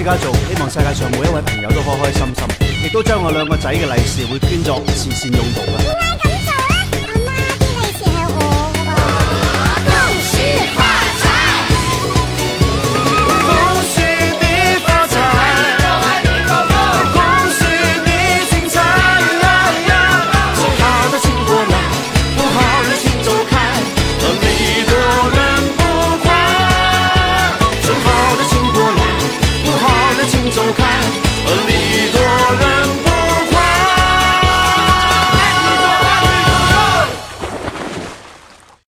依家做，希望世界上每一位朋友都開開心心，亦都將我兩個仔嘅利是會捐作慈善用途啊！